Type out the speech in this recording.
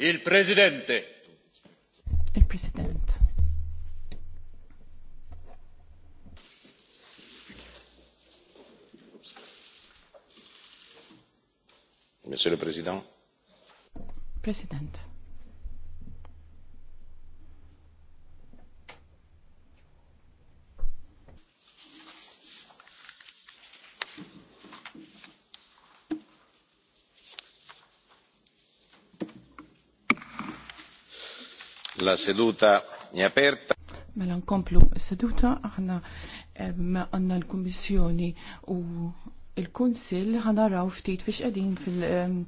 Il-Presidente. Il-President. Monsieur le Président. President. La seduta è aperta. Mela nkomplu seduta aħna għandna l-Kummissjoni u l-Kunsill ħanaraw ftit fiex qegħdin fil-